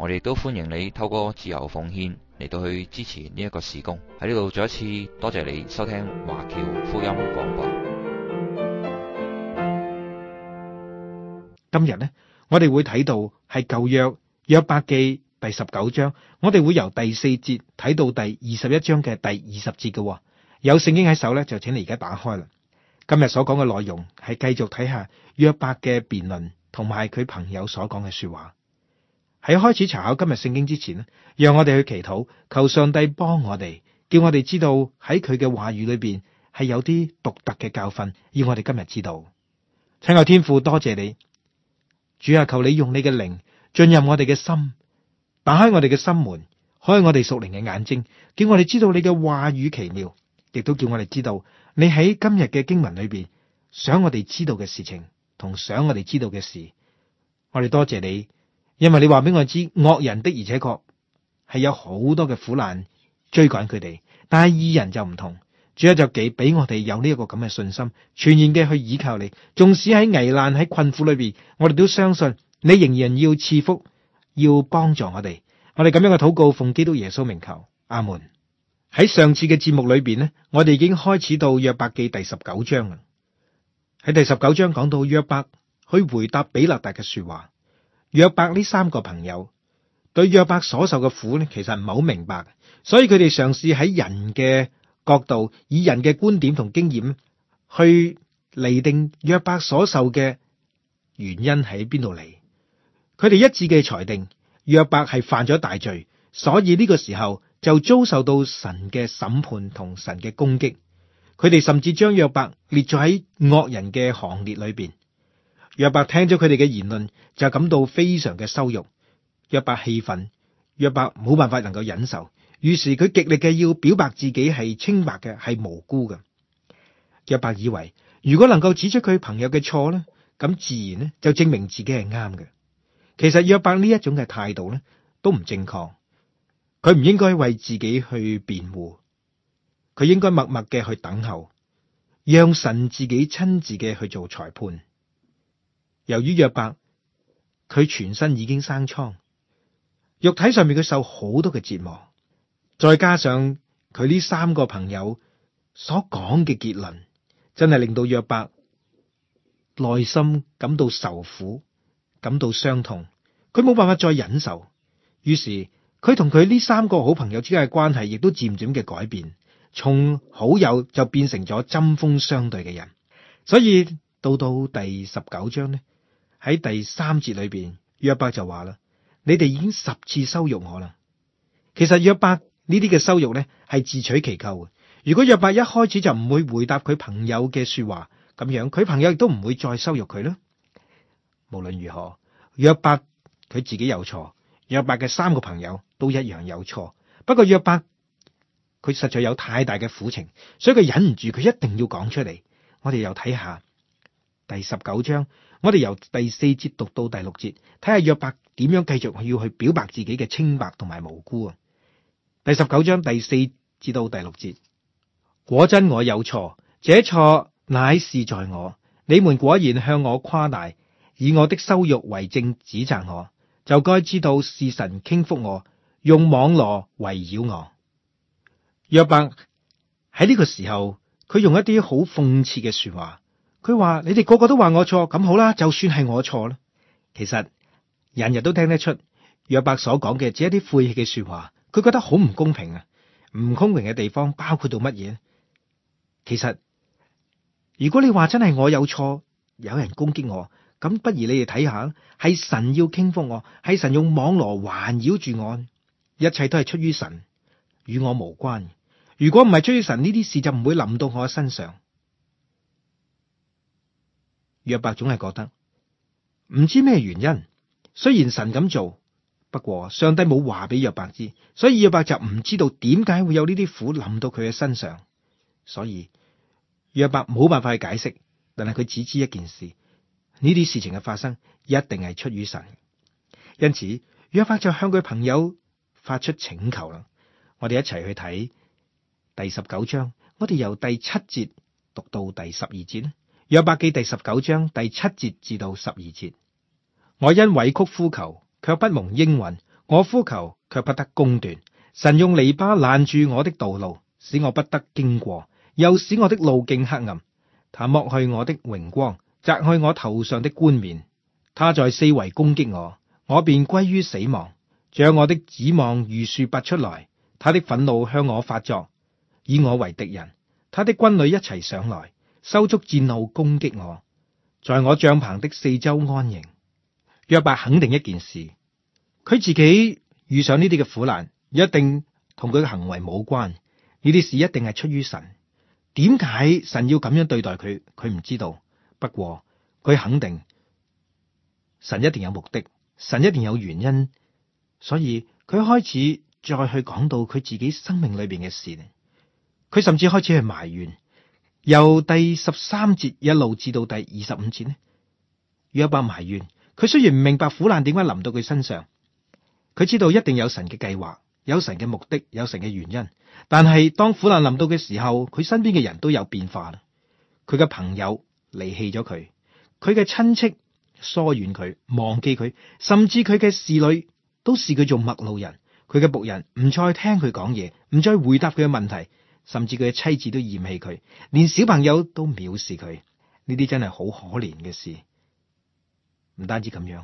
我哋都歡迎你透過自由奉獻嚟到去支持呢一個事工。喺呢度再一次多謝你收聽華僑福音廣播。今日呢，我哋會睇到係舊約約伯記第十九章，我哋會由第四節睇到第二十一章嘅第二十節嘅哦。有聖經喺手呢，就請你而家打開啦。今日所講嘅內容係繼續睇下約伯嘅辯論同埋佢朋友所講嘅說話。喺開始查考今日聖經之前呢，讓我哋去祈禱，求上帝幫我哋，叫我哋知道喺佢嘅話語裏邊係有啲獨特嘅教訓，要我哋今日知道。請我天父多謝你，主啊，求你用你嘅靈進入我哋嘅心，打開我哋嘅心門，開我哋屬靈嘅眼睛，叫我哋知道你嘅話語奇妙，亦都叫我哋知道你喺今日嘅經文裏邊想我哋知道嘅事情同想我哋知道嘅事。我哋多謝你。因為你話俾我知惡人的而且確係有好多嘅苦難追趕佢哋，但係義人就唔同，主啊，就幾俾我哋有呢一個咁嘅信心，全然嘅去倚靠你。縱使喺危難喺困苦裏邊，我哋都相信你仍然要賜福，要幫助我哋。我哋咁樣嘅禱告，奉基督耶穌名求，阿門。喺上次嘅節目裏邊呢，我哋已經開始到約伯記第十九章啦。喺第十九章講到約伯去回答比勒達嘅說話。約伯呢三個朋友對約伯所受嘅苦咧，其實唔係好明白，所以佢哋嘗試喺人嘅角度，以人嘅觀點同經驗去厘定約伯所受嘅原因喺邊度嚟。佢哋一致嘅裁定，約伯係犯咗大罪，所以呢個時候就遭受到神嘅審判同神嘅攻擊。佢哋甚至將約伯列咗喺惡人嘅行列裏邊。約伯聽咗佢哋嘅言論，就感到非常嘅羞辱。約伯氣憤，約伯冇辦法能夠忍受，於是佢極力嘅要表白自己係清白嘅，係無辜嘅。約伯以為，如果能夠指出佢朋友嘅錯咧，咁自然咧就證明自己係啱嘅。其實約伯呢一種嘅態度咧，都唔正確。佢唔應該為自己去辯護，佢應該默默嘅去等候，讓神自己親自嘅去做裁判。由於約伯，佢全身已經生瘡，肉體上面佢受好多嘅折磨，再加上佢呢三個朋友所講嘅結論，真係令到約伯內心感到受苦、感到傷痛。佢冇辦法再忍受，於是佢同佢呢三個好朋友之間嘅關係亦都漸漸嘅改變，從好友就變成咗針鋒相對嘅人。所以到到第十九章呢，喺第三節裏邊，約伯就話啦：你哋已經十次羞辱我啦。其實約伯呢啲嘅羞辱咧係自取其咎。如果約伯一開始就唔會回答佢朋友嘅說話，咁樣佢朋友亦都唔會再羞辱佢啦。無論如何，約伯佢自己有錯，約伯嘅三個朋友都一樣有錯。不過約伯佢實在有太大嘅苦情，所以佢忍唔住，佢一定要講出嚟。我哋又睇下第十九章。我哋由第四節讀到第六節，睇下約伯點樣繼續要去表白自己嘅清白同埋無辜啊！第十九章第四至到第六節，果真我有錯，這錯乃是在我。你們果然向我誇大，以我的羞辱為證，指責我，就該知道是神傾覆我，用網羅圍繞我。約伯喺呢個時候，佢用一啲好諷刺嘅說話。佢話：你哋個個都話我錯，咁好啦，就算係我錯啦。其實人人都聽得出約伯所講嘅只一啲晦氣嘅說話，佢覺得好唔公平啊！唔公平嘅地方包括到乜嘢？其實如果你話真係我有錯，有人攻擊我，咁不如你哋睇下，係神要傾覆我，係神用網羅環繞住我，一切都係出於神，與我無關。如果唔係出於神，呢啲事就唔會臨到我嘅身上。約伯總係覺得唔知咩原因，雖然神咁做，不過上帝冇話俾約伯知，所以約伯就唔知道點解會有呢啲苦臨到佢嘅身上，所以約伯冇辦法去解釋，但係佢只知一件事：呢啲事情嘅發生一定係出於神。因此，約伯就向佢朋友發出請求啦。我哋一齊去睇第十九章，我哋由第七節讀到第十二節約伯記第十九章第七節至到十二節，我因委曲呼求，卻不蒙應允；我呼求，卻不得公斷。神用籬笆攔住我的道路，使我不得經過，又使我的路徑黑暗。他剝去我的榮光，摘去我頭上的冠冕。他在四圍攻擊我，我便歸於死亡。將我的指望如樹拔出來，他的憤怒向我發作，以我為敵人。他的軍旅一齊上來。收足戰路攻擊我，在我帳篷的四周安營。約伯肯定一件事，佢自己遇上呢啲嘅苦難，一定同佢嘅行為冇關，呢啲事一定係出於神。點解神要咁樣對待佢？佢唔知道。不過佢肯定，神一定有目的，神一定有原因。所以佢開始再去講到佢自己生命裏邊嘅事。佢甚至開始去埋怨。由第十三節一路至到第二十五節呢，約伯埋怨，佢雖然唔明白苦難點解臨到佢身上，佢知道一定有神嘅計劃，有神嘅目的，有神嘅原因。但係當苦難臨到嘅時候，佢身邊嘅人都有變化啦。佢嘅朋友離棄咗佢，佢嘅親戚疏遠佢，忘記佢，甚至佢嘅侍女都視佢做陌路人。佢嘅僕人唔再聽佢講嘢，唔再回答佢嘅問題。甚至佢嘅妻子都嫌棄佢，連小朋友都藐視佢，呢啲真係好可憐嘅事。唔單止咁樣，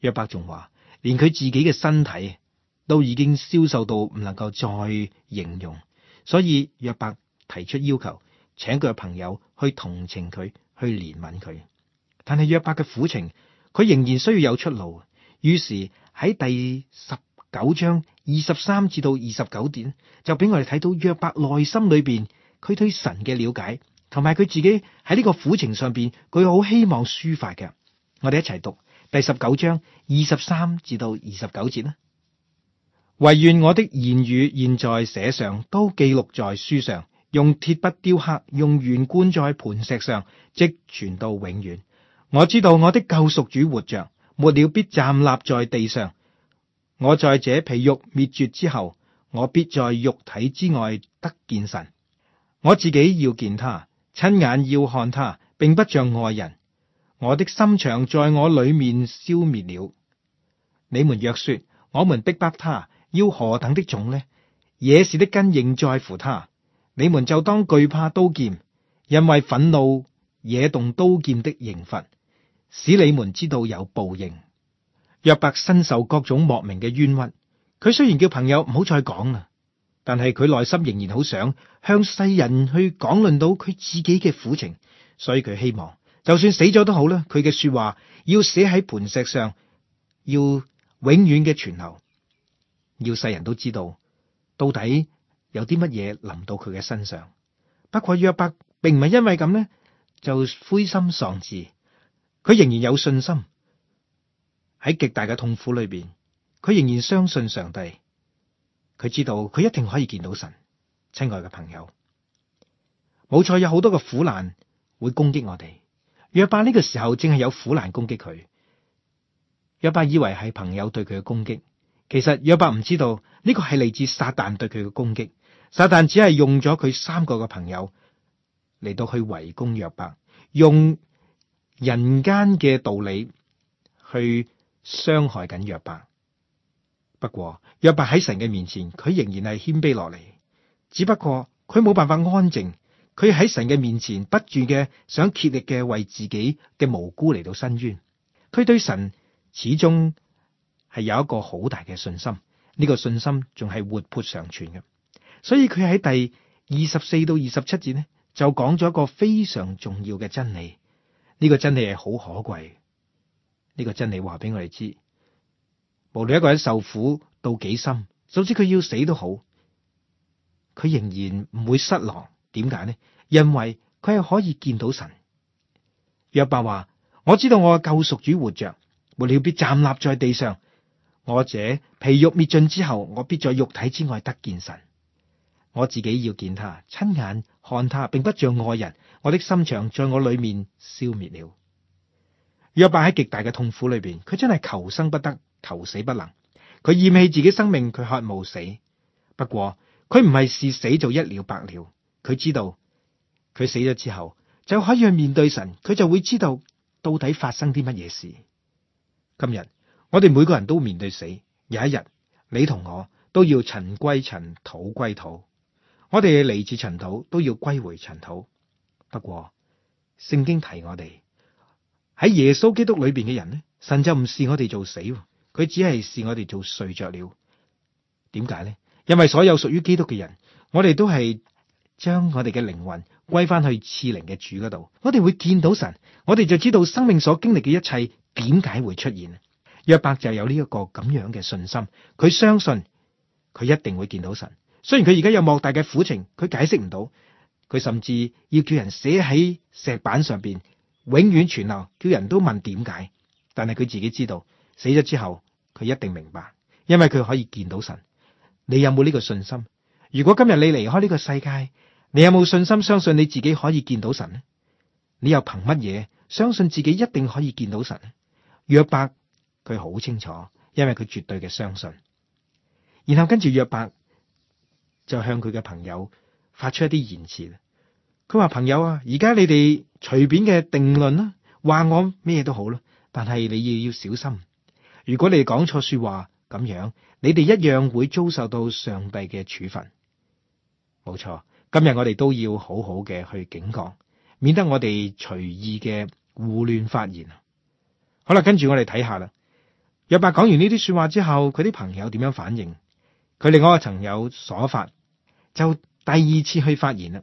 約伯仲話，連佢自己嘅身體都已經消瘦到唔能夠再形容，所以約伯提出要求，請佢嘅朋友去同情佢，去憐憫佢。但係約伯嘅苦情，佢仍然需要有出路。於是喺第十九章。二十三至到二十九點就俾我哋睇到約伯內心裏邊佢對神嘅了解，同埋佢自己喺呢個苦情上邊佢好希望抒發嘅。我哋一齊讀第十九章二十三至到二十九節啦。唯願我的言語現在寫上，都記錄在書上，用鐵筆雕刻，用鉛灌在磐石上，直存到永遠。我知道我的救贖主活着，末了必站立在地上。我在這皮肉滅絕之後，我必在肉體之外得見神。我自己要見他，親眼要看他，並不像外人。我的心腸在我裏面消滅了。你們若說我們逼迫他，要何等的重呢？惹事的根仍在乎他，你們就當懼怕刀劍，因為憤怒惹動刀劍的刑罰，使你們知道有報應。約伯身受各種莫名嘅冤屈，佢雖然叫朋友唔好再講啦，但係佢內心仍然好想向世人去講論到佢自己嘅苦情，所以佢希望就算死咗都好啦，佢嘅說話要寫喺磐石上，要永遠嘅存留，要世人都知道到底有啲乜嘢臨到佢嘅身上。若不過約伯並唔係因為咁呢，就灰心喪志，佢仍然有信心。喺極大嘅痛苦裏邊，佢仍然相信上帝。佢知道佢一定可以見到神。親愛嘅朋友，冇錯，有好多嘅苦難會攻擊我哋。約伯呢個時候正係有苦難攻擊佢。約伯以為係朋友對佢嘅攻擊，其實約伯唔知道呢個係嚟自撒旦對佢嘅攻擊。撒旦只係用咗佢三個嘅朋友嚟到去圍攻約伯，用人間嘅道理去。傷害緊約伯，不過約伯喺神嘅面前，佢仍然係謙卑落嚟。只不過佢冇辦法安靜，佢喺神嘅面前不住嘅想竭力嘅為自己嘅無辜嚟到申冤。佢對神始終係有一個好大嘅信心，呢、這個信心仲係活潑常存嘅。所以佢喺第二十四到二十七節呢，就講咗一個非常重要嘅真理。呢、這個真理係好可貴。呢個真理話俾我哋知，無論一個人受苦到幾深，甚至佢要死都好，佢仍然唔會失落。點解呢？因為佢係可以見到神。約伯話：我知道我嘅救贖主活着，末了必站立在地上。我者皮肉滅盡之後，我必在肉體之外得見神。我自己要見他，親眼看他，並不像外人。我的心腸在我裡面消滅了。約伯喺極大嘅痛苦裏邊，佢真係求生不得，求死不能。佢厭棄自己生命，佢渴慕死。不過佢唔係視死就一了百了。佢知道佢死咗之後，就可以去面對神，佢就會知道到底發生啲乜嘢事。今日我哋每個人都面對死，有一日你同我都要塵歸塵，土歸土。我哋嚟自塵土，都要歸回塵土。不過聖經提我哋。喺耶穌基督裏邊嘅人咧，神就唔視我哋做死，佢只係視我哋做睡着了。點解咧？因為所有屬於基督嘅人，我哋都係將我哋嘅靈魂歸翻去賜靈嘅主嗰度。我哋會見到神，我哋就知道生命所經歷嘅一切點解會出現。約伯就有呢一個咁樣嘅信心，佢相信佢一定會見到神。雖然佢而家有莫大嘅苦情，佢解釋唔到，佢甚至要叫人寫喺石板上邊，永遠傳流，叫人都問點解？但係佢自己知道，死咗之後佢一定明白，因為佢可以見到神。你有冇呢個信心？如果今日你離開呢個世界，你有冇信心相信你自己可以見到神呢？你又憑乜嘢相信自己一定可以見到神呢？約伯佢好清楚，因為佢絕對嘅相信。然後跟住約伯就向佢嘅朋友發出一啲言辭。佢話朋友啊，而家你哋隨便嘅定論啦、啊，話我咩都好啦，但係你要要小心。如果你講錯說話咁樣，你哋一樣會遭受到上帝嘅處罰。冇錯，今日我哋都要好好嘅去警告，免得我哋隨意嘅胡亂發言。好啦，跟住我哋睇下啦。約伯講完呢啲說話之後，佢啲朋友點樣反應？佢另外一個朋友瑣法，就第二次去發言啦。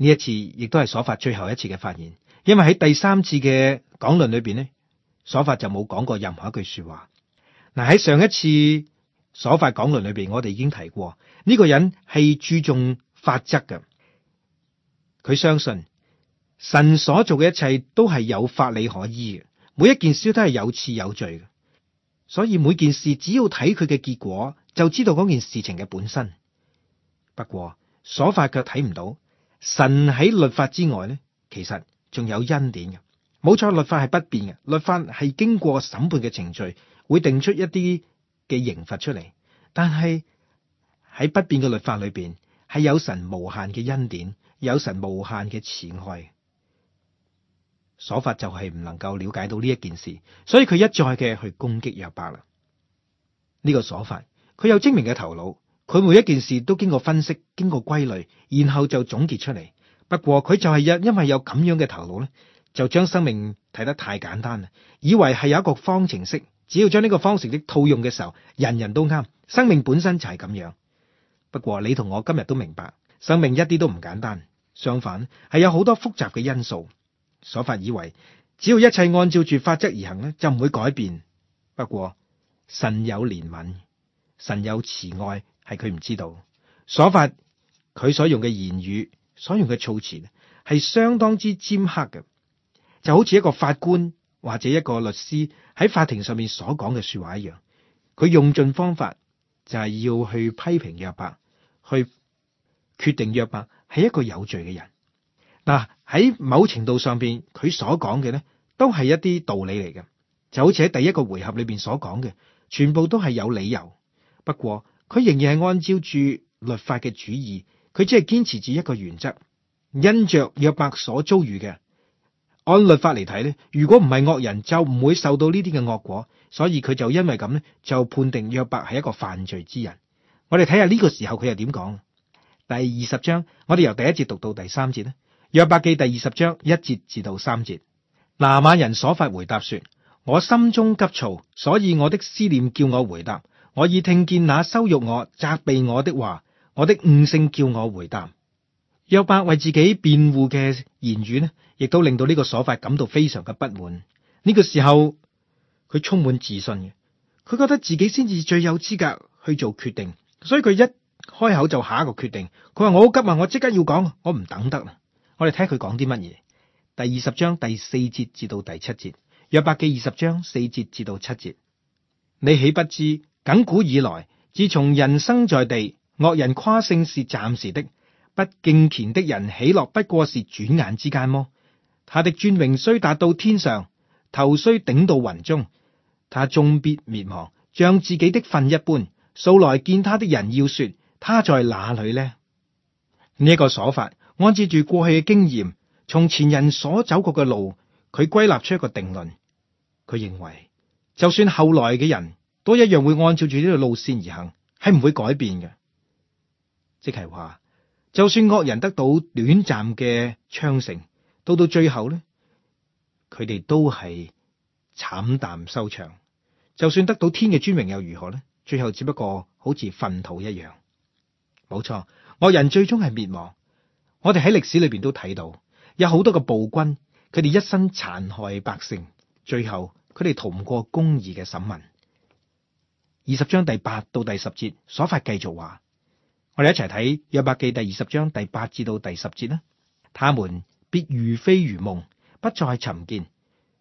呢一次亦都係所法最後一次嘅發言，因為喺第三次嘅講論裏邊呢，所法就冇講過任何一句說話嗱。喺、啊、上一次所法講論裏邊，我哋已經提過呢、呢個人係注重法則嘅，佢相信神所做嘅一切都係有法理可依嘅，每一件事都係有次有序嘅，所以每件事只要睇佢嘅結果，就知道嗰件事情嘅本身。不過所法卻睇唔到。神喺律法之外咧，其實仲有恩典嘅。冇錯，律法係不變嘅，律法係經過審判嘅程序，會定出一啲嘅刑罰出嚟。但係喺不變嘅律法裏邊，係有神無限嘅恩典，有神無限嘅慈愛。所法就係唔能夠了解到呢一件事，所以佢一再嘅去攻擊約伯啦。呢、這個所法，佢有精明嘅頭腦。佢每一件事都經過分析，經過歸類，然後就總結出嚟。不過佢就係因因為有咁樣嘅頭腦咧，就將生命睇得太簡單啦，以為係有一個方程式，只要將呢個方程式套用嘅時候，人人都啱。生命本身就係咁樣。不過你同我今日都明白，生命一啲都唔簡單，相反係有好多複雜嘅因素。所發以為，只要一切按照住法則而行咧，就唔會改變。不過神有憐憫，神有慈愛。係佢唔知道所法佢所用嘅言語，所用嘅措辭係相當之尖刻嘅，就好似一個法官或者一個律師喺法庭上面所講嘅說話一樣。佢用盡方法就係要去批評約伯，去決定約伯係一個有罪嘅人。嗱，喺某程度上邊，佢所講嘅咧都係一啲道理嚟嘅，就好似喺第一個回合裏邊所講嘅，全部都係有理由。不過，佢仍然係按照住律法嘅主義，佢只係堅持住一個原則。因着約伯所遭遇嘅，按律法嚟睇咧，如果唔係惡人，就唔會受到呢啲嘅惡果。所以佢就因為咁咧，就判定約伯係一個犯罪之人。我哋睇下呢個時候佢又點講？第二十章，我哋由第一節讀到第三節咧。約伯記第二十章一節至到三節。拿瑪人瑣法回答說：我心中急躁，所以我的思念叫我回答。我已聽見那羞辱我、責備我的話，我的悟性叫我回答。約伯為自己辯護嘅言語呢，亦都令到呢個瑣法感到非常嘅不滿。呢、呢個時候，佢充滿自信嘅，佢覺得自己先至最有資格去做決定，所以佢一開口就下一個決定。佢話我好急啊，我即刻要講，我唔等得啦。我哋睇佢講啲乜嘢？第二十章第四節至到第七節，約伯嘅二十章四節至到七節，你豈不知？亙古以來，自從人生在地，惡人誇勝是暫時的；不敬虔的人喜樂不過是轉眼之間麼？他的尊榮雖達到天上，頭雖頂到雲中，他終必滅亡，像自己的糞一般。素來見他的人要說：他在哪裏呢？呢、這、一個說法，按照住過去嘅經驗，從前人所走過嘅路，佢歸納出一個定論。佢認為，就算後來嘅人。都一樣會按照住呢個路線而行，係唔會改變嘅。即係話，就算惡人得到短暫嘅昌盛，到到最後咧，佢哋都係慘淡收場。就算得到天嘅尊榮又如何呢？最後只不過好似糞土一樣。冇錯，惡人最終係滅亡。我哋喺歷史裏邊都睇到有好多嘅暴君，佢哋一生殘害百姓，最後佢哋逃唔過公義嘅審問。二十章第八到第十節，所發繼續話，我哋一齊睇約伯記第二十章第八至到第十節啦。他們必如飛如夢，不再尋見；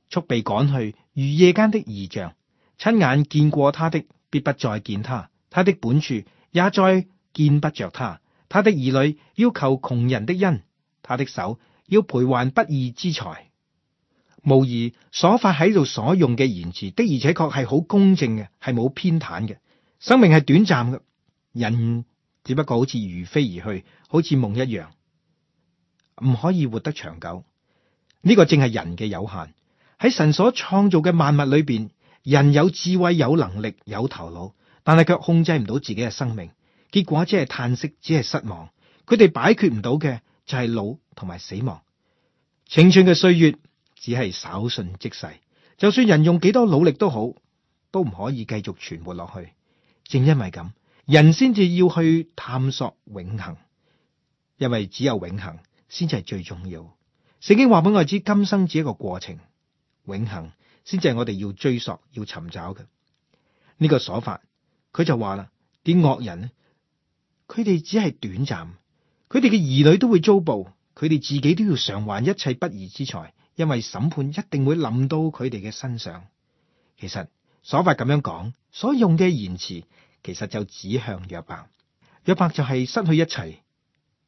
速被趕去，如夜間的異象。親眼見過他的，必不再見他；他的本處也再見不着他；他的兒女要求窮人的恩，他的手要賠還不義之財。無疑所發喺度所用嘅言辭的，的，而且確係好公正嘅，係冇偏袒嘅。生命係短暫嘅，人只不過好似如飛而去，好似夢一樣，唔可以活得長久。呢個正係人嘅有限，喺神所創造嘅萬物裏邊，人有智慧、有能力、有頭腦，但係卻控制唔到自己嘅生命。結果只係嘆息，只係失望。佢哋擺脫唔到嘅就係老同埋死亡，青春嘅歲月，只係稍信即逝，就算人用幾多努力都好，都唔可以繼續存活落去。正因為咁，人先至要去探索永恒，因為只有永恒先至係最重要。聖經話俾我知，今生只係一個過程，永恒先至係我哋要追索、要尋找嘅呢、這個所法。佢就話啦：，啲惡人咧，佢哋只係短暫，佢哋嘅兒女都會遭報，佢哋自己都要償還一切不義之財。因為審判一定會諗到佢哋嘅身上，其實所謂咁樣講，所用嘅言辭，其實就指向約伯。約伯就係失去一切，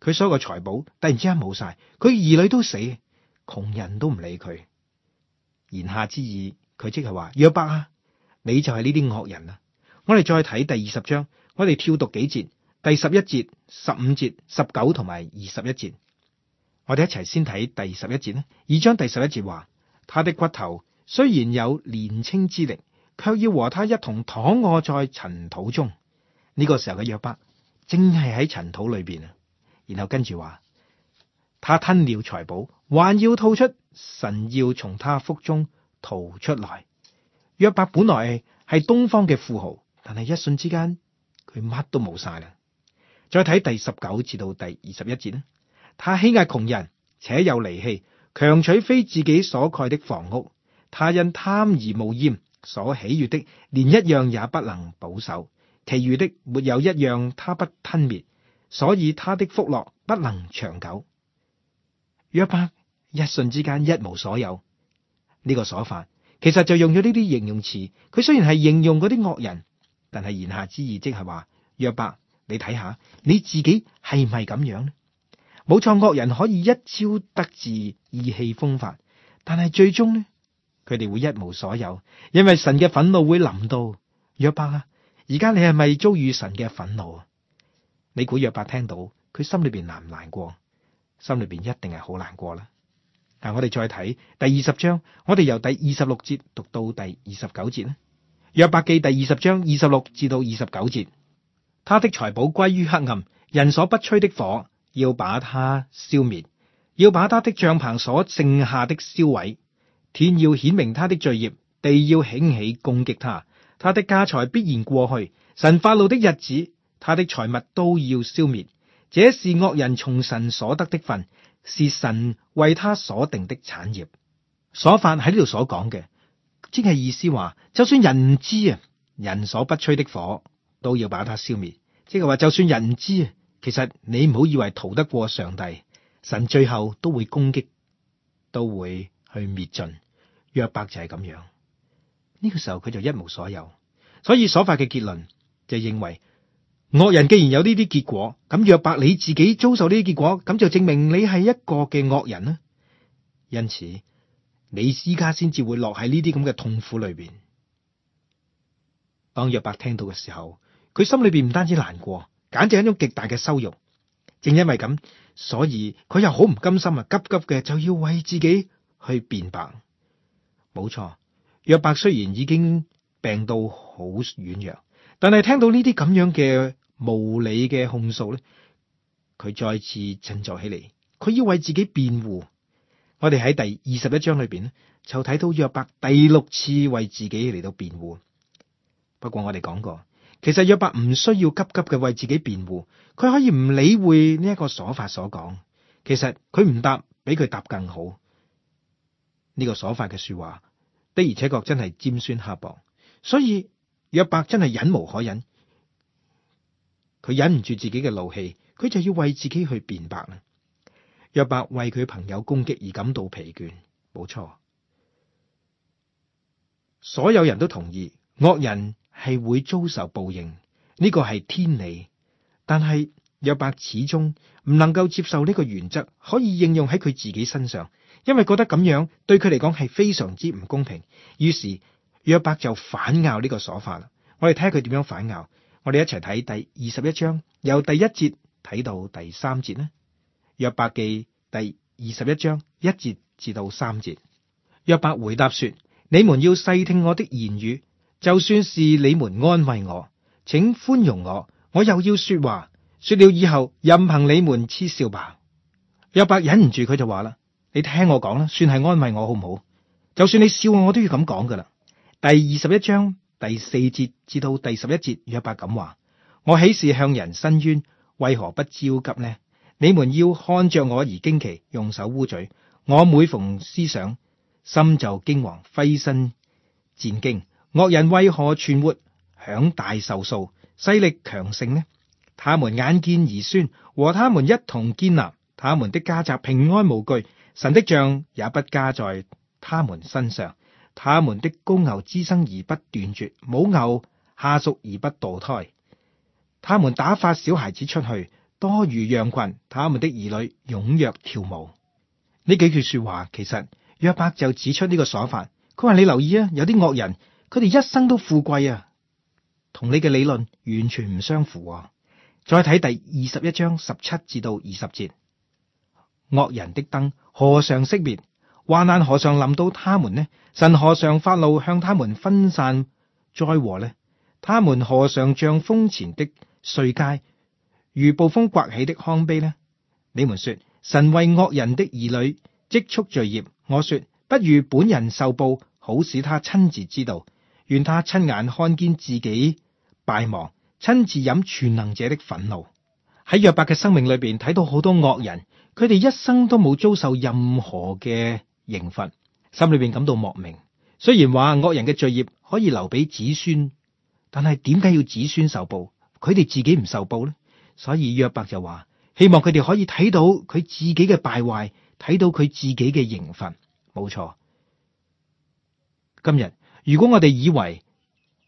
佢所有嘅財寶突然之間冇晒，佢兒女都死，窮人都唔理佢。言下之意，佢即係話約伯啊，你就係呢啲惡人啦啊。我哋再睇第二十章，我哋跳讀幾節，第十一節、十五節、十九同埋二十一節。我哋一齊先睇第十一節呢。二章第十一節話：他的骨頭雖然有年青之力，卻要和他一同躺臥在塵土中。呢個時候嘅約伯，正係喺塵土裏邊啊。然後跟住話，他吞了財寶，還要吐出神要從他腹中逃出來。約伯本來係東方嘅富豪，但係一瞬之間佢乜都冇晒啦。再睇第十九至到第二十一節咧。他欺壓窮人，且有離棄，強取非自己所蓋的房屋。他因貪而無厭，所喜悦的連一樣也不能保守，其餘的沒有一樣他不吞滅，所以他的福樂不能長久。約伯一瞬之間一無所有，呢、這個所犯其實就用咗呢啲形容詞。佢雖然係形容嗰啲惡人，但係言下之意即係話：約伯，你睇下你自己係咪咁樣？冇錯，惡人可以一朝得志，意氣風發，但係最終咧，佢哋會一無所有，因為神嘅憤怒會臨到。約伯啊，而家你係咪遭遇神嘅憤怒啊？你估約伯聽到佢心裏邊難唔難過？心裏邊一定係好難過啦。嗱，我哋再睇第二十章，我哋由第二十六節讀到第二十九節咧。約伯記第二十章二十六至到二十九節，他的財寶歸於黑暗，人所不吹的火。要把他消滅，要把他的帳棚所剩下的銷毀。天要顯明他的罪孽，地要興起攻擊他。他的家財必然過去。神發怒的日子，他的財物都要消滅。這是惡人從神所得的份，是神為他所定的產業。所犯喺呢度所講嘅，即係意思話，就算人知啊，人所不吹的火都要把他消滅。即係話，就算人知啊。其實你唔好以為逃得過上帝，神最後都會攻擊，都會去滅盡。約伯就係咁樣，呢個時候佢就一無所有，所以所發嘅結論就認為惡人既然有呢啲結果，咁約伯你自己遭受呢啲結果，咁就證明你係一個嘅惡人啦。因此你依家先至會落喺呢啲咁嘅痛苦裏邊。當約伯聽到嘅時候，佢心裏邊唔單止難過。簡直係一種極大嘅羞辱，正因為咁，所以佢又好唔甘心啊！急急嘅就要為自己去辯白。冇錯，約伯雖然已經病到好軟弱，但係聽到呢啲咁樣嘅無理嘅控訴咧，佢再次振作起嚟，佢要為自己辯護。我哋喺第二十一章裏邊咧，就睇到約伯第六次為自己嚟到辯護。不過我哋講過。其實約伯唔需要急急嘅為自己辯護，佢可以唔理會呢一個瑣法所講。其實佢唔答，比佢答更好。呢個瑣法嘅說話，的而且確真係尖酸刻薄。所以約伯真係忍無可忍，佢忍唔住自己嘅怒氣，佢就要為自己去辯白啦。約伯為佢朋友攻擊而感到疲倦，冇錯。所有人都同意惡人係會遭受報應，呢個係天理。但係約伯始終唔能夠接受呢個原則可以應用喺佢自己身上，因為覺得咁樣對佢嚟講係非常之唔公平。於是約伯就反咬呢個所法啦。我哋睇下佢點樣反咬。我哋一齊睇第二十一章，由第一節睇到第三節啦。約伯記第二十一章一節至到三節。約伯回答說：你們要細聽我的言語。就算是你們安慰我，請寬容我，我又要說話，說了以後任憑你們嗤笑吧。約伯忍唔住，佢就話啦：你聽我講啦，算係安慰我好唔好？就算你笑我，我都要咁講噶啦。第二十一章第四節至到第十一節，約伯咁話：我豈是向人伸冤，為何不焦急呢？你們要看着我而驚奇，用手摀嘴。我每逢思想，心就驚惶，渾身戰兢。惡人為何存活，享大壽數，勢力強盛呢？他們眼見兒孫，和他們一同建立，他們的家宅平安無懼，神的杖也不加在他們身上。他們的公牛滋生而不斷絕，母牛下犢而不墮胎。他們打發小孩子出去，多如羊群。他們的兒女踴躍跳舞。呢幾句說話，其實約伯就指出呢個想法。佢話你留意啊，有啲惡人。佢哋一生都富貴啊，同你嘅理論完全唔相符啊！再睇第二十一章十七至到二十節，惡人的燈何嘗熄滅？患難何嘗臨到他們呢？神何嘗發怒向他們分散災禍呢？他們何嘗像風前的碎秸，如暴風刮起的糠秕呢？你們說神為惡人的兒女積蓄罪孽？我說不如本人受報，好使他親自知道。願他親眼看見自己敗亡，親自飲全能者的憤怒。喺約伯嘅生命裏邊，睇到好多惡人，佢哋一生都冇遭受任何嘅刑罰，心裏邊感到莫名。雖然話惡人嘅罪孽可以留俾子孫，但係點解要子孫受報？佢哋自己唔受報呢？所以約伯就話，希望佢哋可以睇到佢自己嘅敗壞，睇到佢自己嘅刑罰。冇錯，今日。如果我哋以為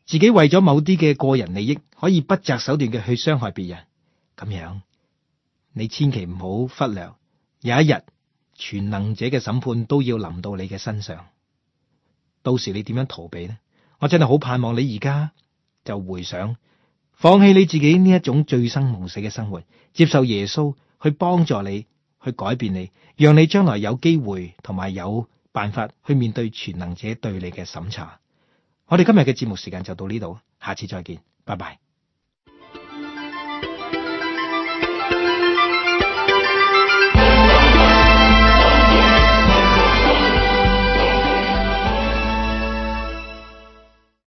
自己為咗某啲嘅個人利益，可以不擇手段嘅去傷害別人，咁樣你千祈唔好忽略，有一日全能者嘅審判都要臨到你嘅身上。到時你點樣逃避呢？我真係好盼望你而家就回想，放棄你自己呢一種醉生夢死嘅生活，接受耶穌去幫助你，去改變你，讓你將來有機會同埋有辦法去面對全能者對你嘅審查。我哋今日嘅節目時間就到呢度，下次再見，拜拜。